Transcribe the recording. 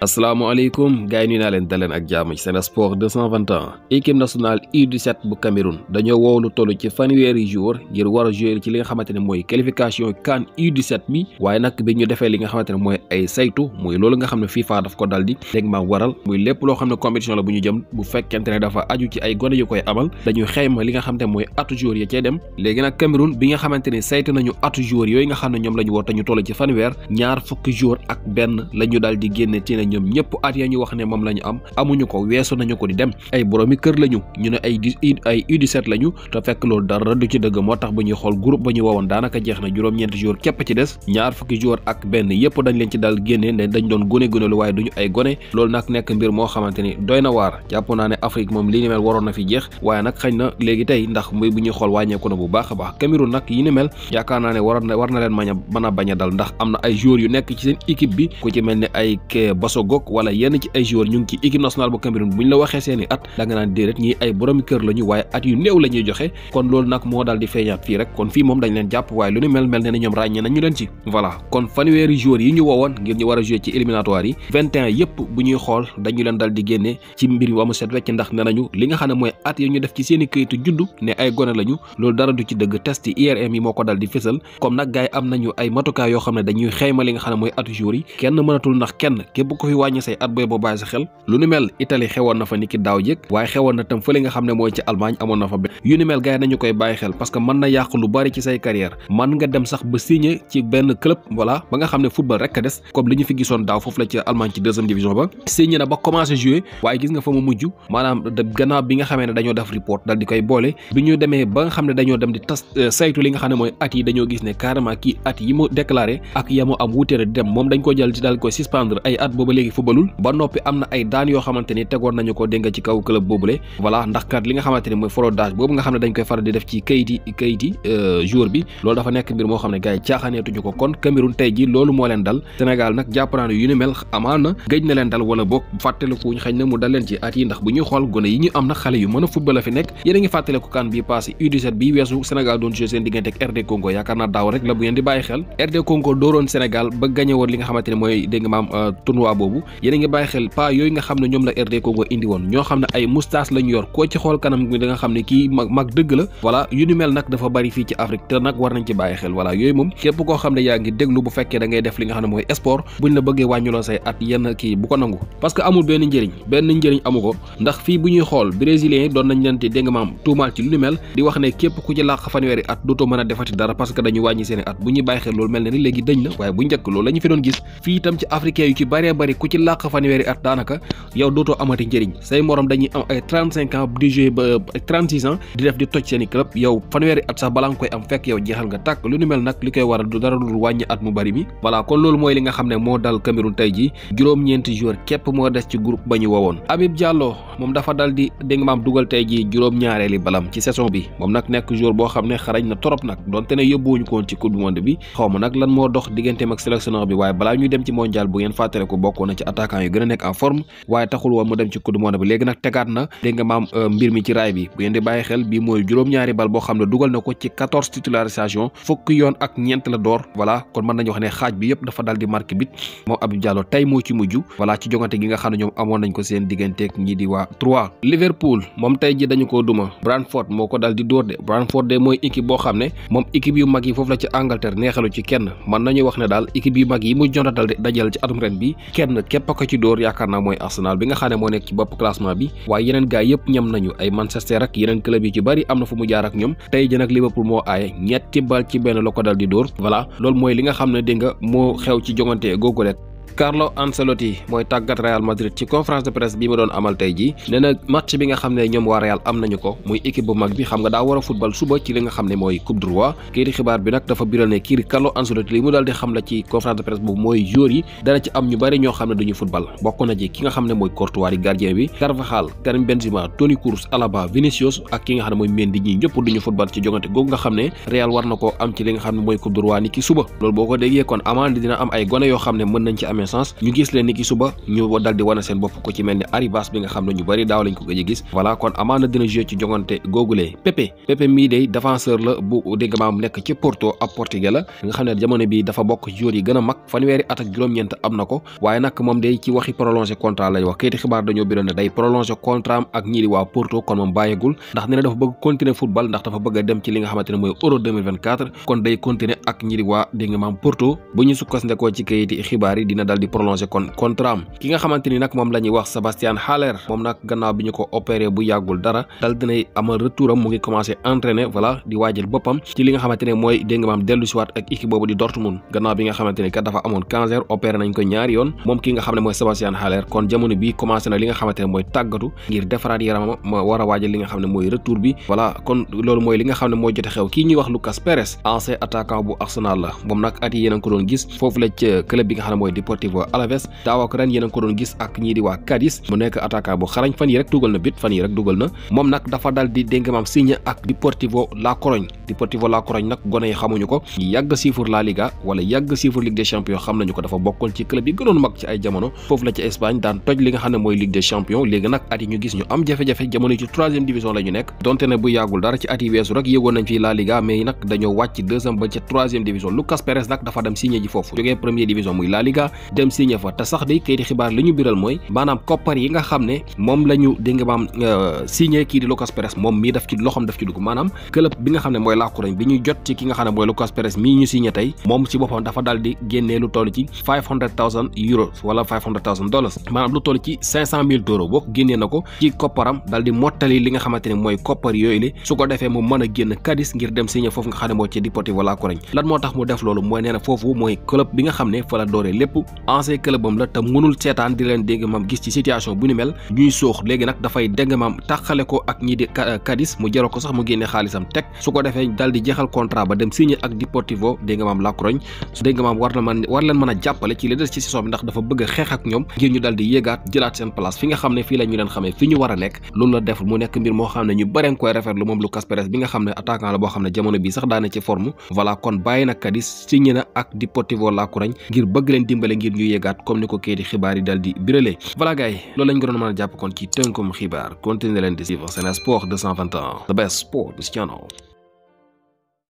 asalaamaaleykum gars yi nuyu naa leen daleen ak jàmm ci Sen Sport 221 équipe nationale U17 bu Cameroun dañoo woow lu toll ci fanweeri jour ngir war a jouer ci li nga xamante ne mooy qualification CAN U17 bi waaye nag bi ñu defee li nga xamante ne mooy ay saytu muy loolu nga xam ne FIFA daf ko dal di léeg ma waral muy lépp loo xam ne compétition la bu ñu jëm bu fekkente ne dafa aju ci ay gone yu koy amal dañuy ma li nga xamante ne mooy atu jour ya dem léegi nag Cameroun bi nga xamante ne saytu nañu atu jour yooyu nga xam ne ñoom la ñu war te ñu toll ci fanweer ñaar fukki ak benn la ñu daal di génne ci ñoom ñëpp at ya ñu wax ne moom la ñu am amuñu ko weesu nañu ko di dem ay boroomi kër lañu ñu ne ay ay U17 lañu te fekk loolu dara du ci dëgg moo tax bu ñuy xool groupe ba ñu wowoon daanaka jeex na juróom-ñeenti joueur képp ci des ñaar fukki joueur ak benn yëpp dañ leen ci dal génne ne dañ doon gone gone lu waaye duñu ay gone loolu nag nekk mbir moo xamante ni doy na waar jàpp naa ne Afrique moom li ni mel waroon na fi jeex waaye nag xëy na léegi tey ndax muy bu ñuy xool wàññeeku na bu baax a baax Cameroun nag yi ni na war na a bañ a dal ndax am na ay joueur yu nekk ci Bousso Gok wala yenn ci ay joueur ñu ngi équipe nationale bu Cameroun buñ la waxé seeni at da nga naan déedéet ñi ay borom kër lañu waaye at yu néew la joxé kon lool nak mo dal di feeñaat fi rek kon fi mom dañ leen japp waaye lu ni mel mel ne ñom ràññee nañ ñu leen ci voilà kon fanweeri joueur yi ñu wowon ngir ñu wara a jouer ci éliminatoire yi 21 yépp bu ñuy dañu leen dal di génné ci mbir yu amu set wecc ndax ne li nga xamné moy at yi ñu def ci seeni këyitu judd ne ay goné lañu lool dara du ci dëgg test IRM yi moko dal di fessel comme nak gaay am nañu ay matukaay yo xamné dañuy xeyma li nga xamné moy at atu joueur yi kenn mënatul nak kenn képp ko kuy ba signé na ba commencé jouer waaye gis nga fa mu mujj maanaam gannaaw bi nga xamee ne dañoo def report dal di koy boole bi ñu demee ba nga xam ne dañoo dem di tas euh, saytu li nga xam ne mooy at yi dañoo gis ne carrément kii at yi mu déclaré ak yamu am wuute na dem moom dañ ko jël ci dal koy suspendre ay at boobu léegi fubalul ba noppi am na ay daan yoo xamante tegoon nañu ko dégg ci kaw club boobule voilà ndax kat li nga xamante ni mooy fraudage boobu nga xam ne dañ koy faral di def ci kayiti euh, jour bi loolu dafa nekk mbir moo xam ne gars yi ko kon Cameroun tey ji loolu moo leen dal Sénégal nag jàpp yu ni mel amaan na géej na leen dal wala boog fàttalikuñ xëy na mu dal leen ci at yi ndax bu ñuy xool gone yi ñu am nag xale yu mën a football bobu yene nga baye xel pa yoy nga xamne ñom la RD Congo indi won ño xamne ay moustache lañ yor ko ci xol kanam gi da nga xamne ki mag mag la voilà yu ñu mel nak dafa bari fi ci Afrique te nak war nañ ci baye xel voilà yoy mom képp ko xamne ya nga deglu bu fekke da ngay def li nga xamne moy sport buñ la wañu lo say at yene ki bu ko nangu parce que amul ben njëriñ ben njëriñ amu ndax fi buñuy xol brésilien yi doon nañ lan di dégg maam tuumaal ci lu ñu mel di wax ne képp ku ci at duto mëna defati dara parce que dañu wañi seen at buñu baye lual xel lool mel ne ni la waye buñu njëkk lool lañu fi doon gis fi tam ci africain yu ci bari bari ku ci làq fanweri at danaka yow doto amati njeriñ say morom dañuy am ay 35 ans di jouer ba 36 ans di def di toj seen club yow fanweri at sax balang koy am fek yow jeexal nga tak lu ni mel nak likay wara du dara dul wañi at mu bari mi wala kon loolu moy li nga xamne mo dal Cameroun tay ji juroom ñent joueur kep mo dess ci groupe bañu wawon abib Diallo mom dafa dal di deng maam dugal tay ji juroom ñaareli balam ci saison bi mom nak nek joueur bo xamne xarañ na torop nak don tane yóbbuwuñu ko ci coupe du monde bi xawma nak lan mo dox digganteem ak sélectionneur bi waaye bala ñu dem ci mondial bu ngeen fatale ko bokk na ci attaquant yu gëna a en forme waye taxul wa mu dem ci coupe du monde bi légui nak tégat na dégg nga maam euh, mbir mi ci ray bi bu ngeen baye xel bi moy juroom ñaari bal bo xam duggal dugal na ci 14 titularisation fukki yoon ak ñent la door voilà kon man nañu wax né xaj bi yëpp dafa dal di marqué bit mo Abdou Diallo tay mo ci muju voilà ci jongante gi nga xam ñom amon nañ ko seen ak ñi di wa 3 Liverpool mom tay ji dañu ko duma brandford moko dal di dor de brandford de moy équipe bo xam ne équipe yu magi fofu la ci Angleterre neexalu ci kenn man nañu wax né dal équipe yu magi mu jonda dal dajal ci atum ren bi kenn ne képp ko ci dóor yaakaar naa mooy Arsenal bi nga xam ne moo nekk ci bopp classement bi waaye yeneen gaay yëpp ñam nañu ay Manchester ak yeneen club yi ci bari am na fu mu jaar ak ñoom tey jii nag Liverpool moo aaye ñetti bal ci benn la ko dal di dóor voilà loolu mooy li nga xam ne dégg nga moo xew ci jongante googu rek Carlo Ancelotti moy tagat Real Madrid ci conférence de presse bi mo doon amal tay ji match bi nga xam ñom wa Real am nañu ko muy équipe bu mag bi xam nga da wara football suba ci li nga xam moy coupe du roi di bi nak dafa biral ne kiri Carlo Ancelotti li mu daal di xam la ci conférence de presse bu moy jour yi dana ci am ñu bari ño xam duñu football bokk na ji ki nga xam moy Courtois di gardien bi Carvajal Karim Benzema Toni Kroos Alaba Vinicius ak ki nga xam moy Mendy ñi ñëpp duñu football ci jogante gog nga Real war nako am ci li nga xam moy coupe du roi ni ki suba loolu boko kon amal dina am ay gone yo xam nañ ci amee nga xam ne jamono bi dafa bokk joueur yi gën mag fanweeri at ak juróom-ñeent am na ko waaye nag moom day ci waxi prolongé contrat lay wax kayiti xibaar dañoo biroon ne day prolongé contrat ak ñii waa Porto kon moom bàyyegul ndax nee na dafa bëgg continuer football ndax dafa bëgg dem ci li nga xamante mooy Euro kon day continuer ak ñii waa dégg Porto bu ñu sukkandikoo ci kayiti xibaar yi dina dari di prolonger kon contrat ki nga xamanteni nak mom lañuy wax Sebastian Haller mom nak gannaaw biñu ko opérer bu yagul dara dal dina amal retour am mo ngi commencer entraîner voilà di waajal bopam ci li nga xamanteni moy deng dégg am delu ci wat ak équipe bobu di Dortmund gannaaw bi nga xamanteni ka dafa amone cancer opéré nañ ko ñaar yoon mom ki nga xamne moy Sebastian Haller kon jamono bi commencer na li nga xamanteni moy tagatu ngir defaraat yaram ma wara a li nga xamne moy retour bi voilà kon lolu moy li nga xamne ne jotté xew ki ñuy wax Lucas Perez ancien attaquant bu Arsenal la mom nak at yi yéen ko doon gis fofu la ci club bi nga xamne moy Deportivo ren yéen a ko doon gis ak ñii di waa Cadiz mu nekk attaquant bu xarañ fan yi rek dugal na bit fan yi rek dugal na moom nag dafa dal di dénk maam ak Deportivo La Corogne Deportivo La Corogne nag gone yi xamuñu ko yàgg siifur La Liga wala yàgg siifur Ligue des Champions xam nañu ko dafa bokkoon ci club yi gënoon mag ci ay jamono foofu la ci Espagne daan toj li nga xam ne mooy Ligue des Champions léegi nag at yi ñu gis ñu am jafe-jafe jamono ci troisième dem signé fa te sax di kayiti xibaar li ñu biral mooy maanaam koppar yi nga xam ne moom la ñu di nga maam euh, signé kii di Lucas Perez moom mii daf ci loxoom daf ci dugg maanaam club bi nga xam ne mooy ñu jot ci ki nga xam ne mooy Lucas Perez mii ñu signé tey moom ci boppam dafa daal di génnee lu toll ci five hundred thousand euros wala five hundred thousand dollars maanaam lu toll ci cinq cent mille euros na ko ci kopparam daal di mottali li nga xamante ne mooy koppar yooyu li su ko defee mu mën a génn Cadiz ngir dem signé foofu nga xam ne moo ci Deportivo Lacoureñ lan moo tax mu def loolu mooy nee na foofu mooy club bi nga xam ne fa la dooree lépp ancien club am la te mënul seetaan di len dégg mam gis ci situation bu ni mel ñuy soox nak da fay dégg mam tàqale ko ak ñi di euh, Cadiz mu jëro ko sax mu génné xaalisam tek su ko dal di jéxal contrat ba dem signer ak Deportivo dégg mam La su dégg mam war na man war leen mëna jappalé ci leader ci saison bi ndax dafa bëgg xex ak ñom ngir ñu dal di yégaat jëlaat seen place fi nga xamné fi fii la ñu leen fi ñu wara nek loolu la def mu nek mbir mo xamné ñu bari ngoy koy lu mom Lucas Perez bi nga xamné attaquant la bo xamné jamono bi sax daane ci forme voilà kon bayina Cadiz signé na ak Deportivo La croñ ngir bëgg leen dimbalé ngir ñu yegaat comme ni ko kayiti xibaar yi daal birale voilà gars yi doon mën a jàpp kon ci tënkum xibaar continuer leen di suivre Sen Sport 221 the best sport this channel